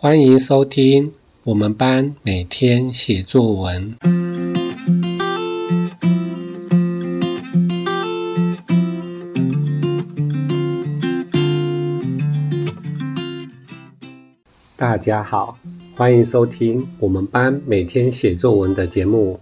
歡迎收聽我們班每天寫作文。大家好，歡迎收聽我們班每天寫作文的節目。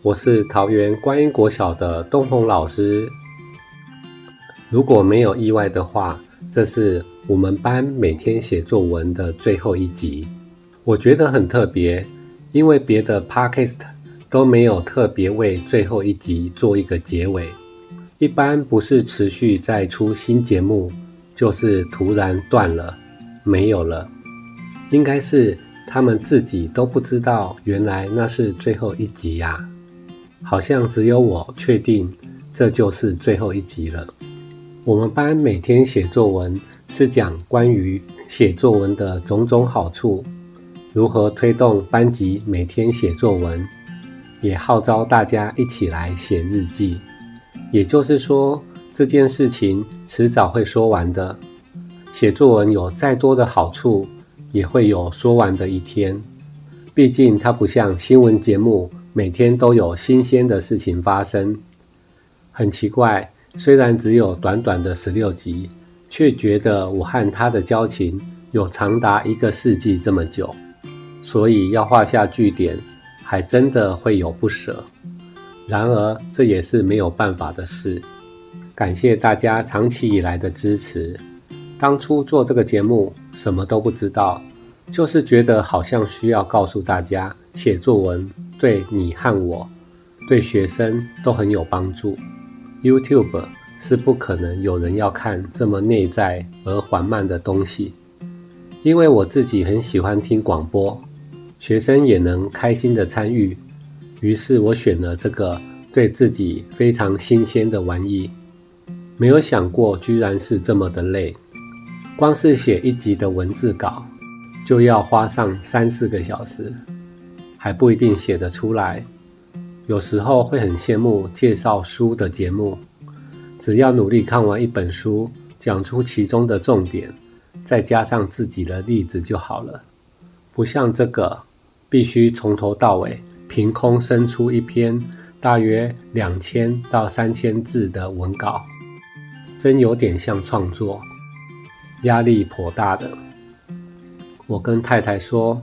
我是桃園觀音國小的東紅老師。如果沒有意外的話，這是我們班每天寫作文的最後一集，我覺得很特別，因為別的 Podcast 都沒有特別為最後一集做一個結尾，一般不是持續在出新節目，就是突然斷了，沒有了。應該是他們自己都不知道，原來那是最後一集呀、啊，好像只有我確定這就是最後一集了。我們班每天寫作文。是講關於寫作文的種種好處，如何推動班級每天寫作文，也號召大家一起來寫日記。也就是說，這件事情遲早會說完的。寫作文有再多的好處，也會有說完的一天。畢竟它不像新聞節目，每天都有新鮮的事情發生。很奇怪，雖然只有短短的十六集。卻覺得我和他的交情有長達一個世紀這麼久，所以要畫下句點，還真的會有不捨。然而，這也是沒有辦法的事。感謝大家長期以來的支持。當初做這個節目，什麼都不知道，就是覺得好像需要告訴大家，寫作文對你和我，對學生都很有幫助。YouTube，是不可能有人要看這麼內在而緩慢的東西，因為我自己很喜歡聽廣播，學生也能開心的參與，於是我選了這個對自己非常新鮮的玩意，沒有想過居然是這麼的累，光是寫一集的文字稿就要花上三四個小時，還不一定寫得出來，有時候會很羨慕介紹書的節目。只要努力看完一本書，講出其中的重點，再加上自己的例子就好了。不像這個，必須從頭到尾，憑空生出一篇大約兩千到三千字的文稿，真有點像創作，壓力頗大的。我跟太太說，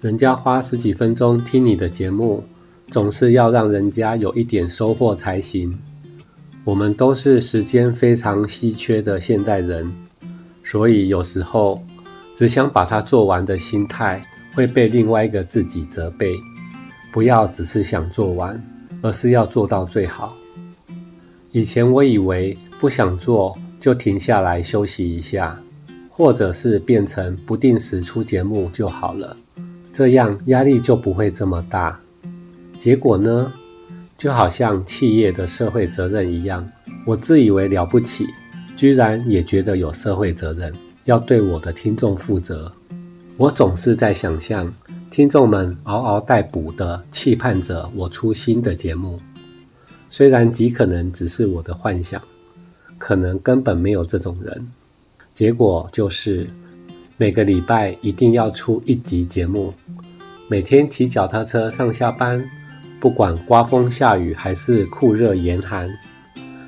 人家花十幾分鐘聽你的節目，總是要讓人家有一點收穫才行。我們都是時間非常稀缺的現代人，所以有時候只想把它做完的心態會被另外一個自己責備。不要只是想做完，而是要做到最好。以前我以為不想做就停下來休息一下，或者是變成不定時出節目就好了，這樣壓力就不會這麼大。結果呢？就好像企業的社會責任一樣，我自以為了不起，居然也覺得有社會責任，要對我的聽眾負責。我總是在想象聽眾們嗷嗷待哺地期盼着我出新的節目，雖然極可能只是我的幻想，可能根本沒有這種人。結果就是每個禮拜一定要出一集節目，每天騎腳踏車上下班。不管颳風下雨還是酷熱嚴寒，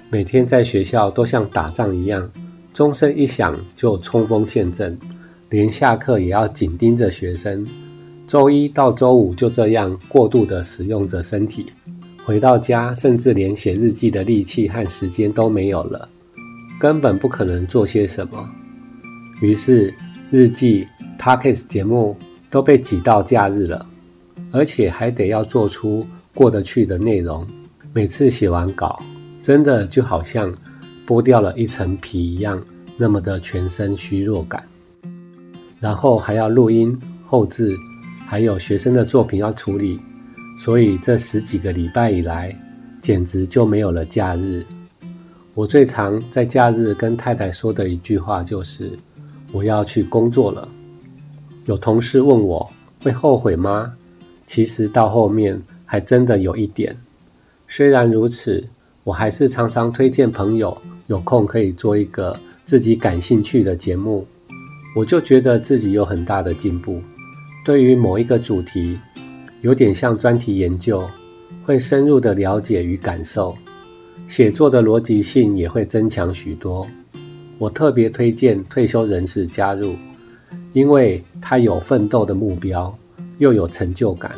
每天在學校都像打仗一樣，鐘聲一響就衝鋒陷陣，連下課也要緊盯着學生。周一到周五就這樣過度的使用着身體，回到家甚至連寫日記的力氣和時間都沒有了，根本不可能做些什麼。於是日記、Podcast 節目都被擠到假日了，而且還得要做出過得去的內容，每次寫完稿，真的就好像剝掉了一層皮一樣，那麼的全身虛弱感。然後還要錄音、後製，還有學生的作品要處理，所以這十幾個禮拜以來，簡直就沒有了假日。我最常在假日跟太太說的一句話就是：“我要去工作了。”有同事問我會後悔嗎？其實到後面，還真的有一點，雖然如此，我還是常常推薦朋友有空可以做一個自己感興趣的節目。我就覺得自己有很大的進步，對於某一個主題，有點像專題研究，會深入的了解與感受，寫作的邏輯性也會增強許多。我特別推薦退休人士加入，因為他有奮鬥的目標，又有成就感。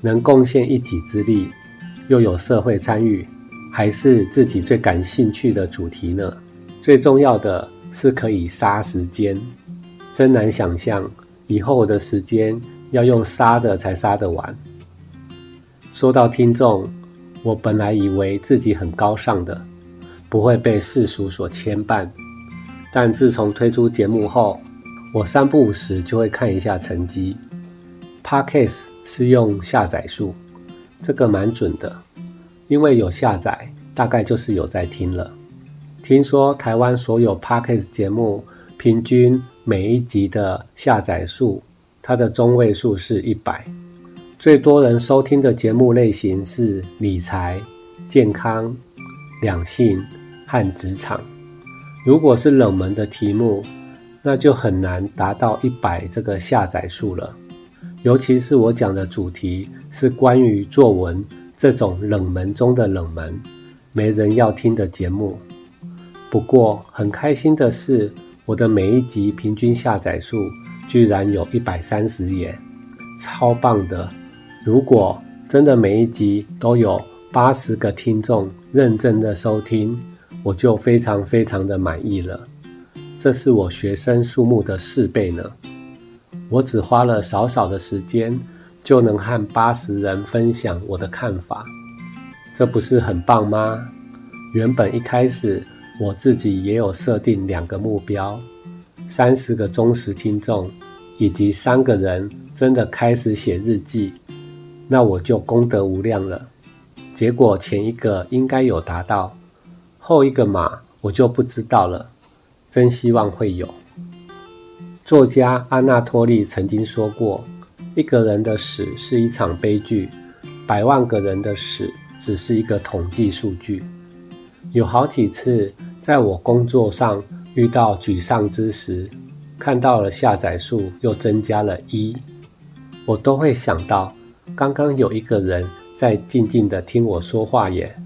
能貢獻一己之力，又有社會參與，還是自己最感興趣的主題呢？最重要的是可以殺時間，真難想象以後的時間要用殺的才殺得完。說到聽眾，我本來以為自己很高尚的，不會被世俗所牽絆，但自從推出節目後，我三不五時就會看一下成績。Podcast 是用下載數，這個蠻準的，因為有下載，大概就是有在聽了。聽說台灣所有 Podcast 節目平均每一集的下載數，它的中位數是一百。最多人收聽的節目類型是理財、健康、兩性和職場。如果是冷門的題目，那就很難達到一百這個下載數了。尤其是我講的主題是關於作文這種冷門中的冷門，沒人要聽的節目。不過很開心的是，我的每一集平均下載數居然有一百三十耶，超棒的！如果真的每一集都有八十個聽眾認真的收聽，我就非常非常的滿意了。這是我學生數目的四倍呢。我只花了少少的時間，就能和八十人分享我的看法，這不是很棒嗎？原本一開始我自己也有設定兩個目標：三十個忠實聽眾，以及三個人真的開始寫日記，那我就功德無量了。結果前一個應該有達到，後一個嘛，我就不知道了。真希望會有。作家阿納托利曾經說過：“一個人的死是一場悲劇，百萬個人的死只是一個統計數據。”有好幾次在我工作上遇到沮喪之時，看到了下載數又增加了一，我都會想到剛剛有一個人在靜靜地聽我說話耶，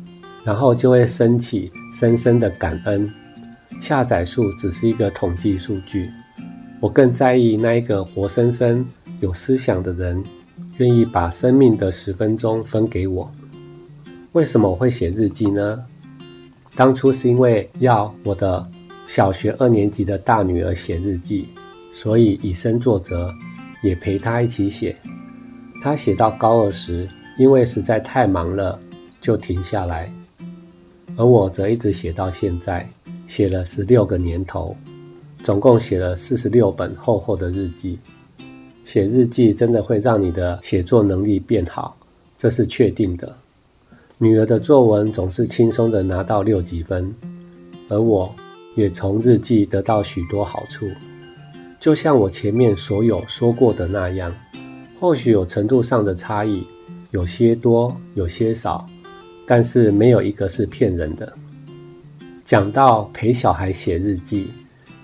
然後就會升起深深的感恩。下載數只是一個統計數據。我更在意那一個活生生有思想的人，願意把生命的十分鐘分給我。為什麼我會寫日記呢？當初是因為要我的小學二年級的大女兒寫日記，所以以身作則，也陪她一起寫。她寫到高二時，因為實在太忙了，就停下來，而我則一直寫到現在，寫了十六個年頭。總共寫了四十六本厚厚的日記。寫日記真的會讓你的寫作能力變好，這是確定的。女兒的作文總是輕鬆的拿到六級分，而我也從日記得到許多好處。就像我前面所有說過的那樣，或許有程度上的差異，有些多，有些少，但是沒有一個是騙人的。講到陪小孩寫日記。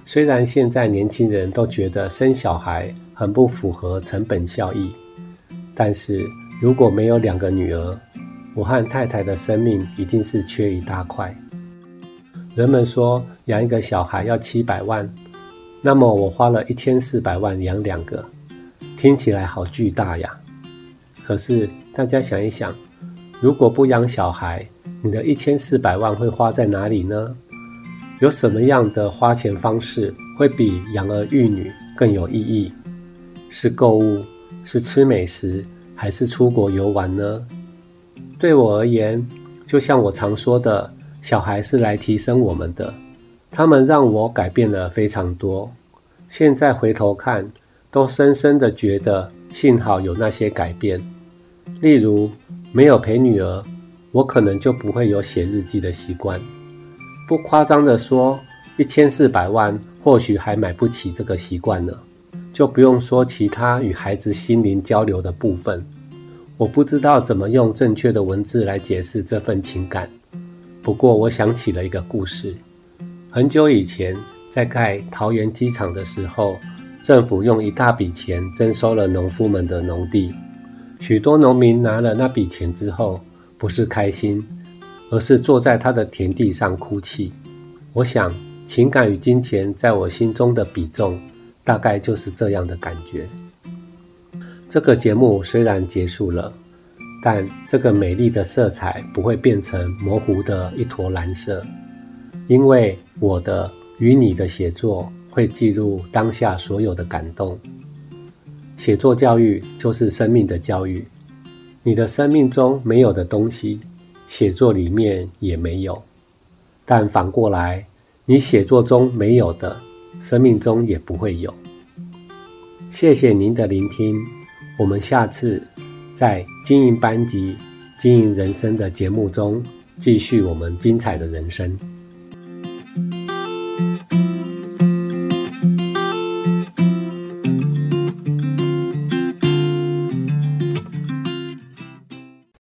雖然現在年輕人都覺得生小孩很不符合成本效益，但是如果沒有兩個女兒，我和太太的生命一定是缺一大塊。人們說養一個小孩要七百萬，那麼我花了一千四百萬養兩個，聽起來好巨大呀。可是大家想一想，如果不養小孩，你的一千四百萬會花在哪裡呢？有什麼樣的花錢方式會比養兒育女更有意義？是購物，是吃美食，還是出國遊玩呢？對我而言，就像我常說的，小孩是來提升我們的，他們讓我改變了非常多。現在回頭看，都深深的覺得幸好有那些改變。例如，沒有陪女兒，我可能就不會有寫日記的習慣。不誇張地說，一千四百萬或許還買不起這個習慣呢，就不用說其他與孩子心靈交流的部分。我不知道怎麼用正確的文字來解釋這份情感，不過我想起了一個故事：很久以前，在蓋桃園機場的時候，政府用一大筆錢徵收了農夫們的農地，許多農民拿了那筆錢之後，不是開心。而是坐在他的田地上哭泣。我想，情感與金錢在我心中的比重，大概就是這樣的感覺。這個節目雖然結束了，但這個美麗的色彩不會變成模糊的一坨藍色，因為我的與你的寫作會記錄當下所有的感動。寫作教育就是生命的教育。你的生命中沒有的東西。寫作裡面也沒有，但反過來，你寫作中沒有的，生命中也不會有。謝謝您的聆聽，我們下次在經營班級、經營人生的節目中，繼續我們精彩的人生。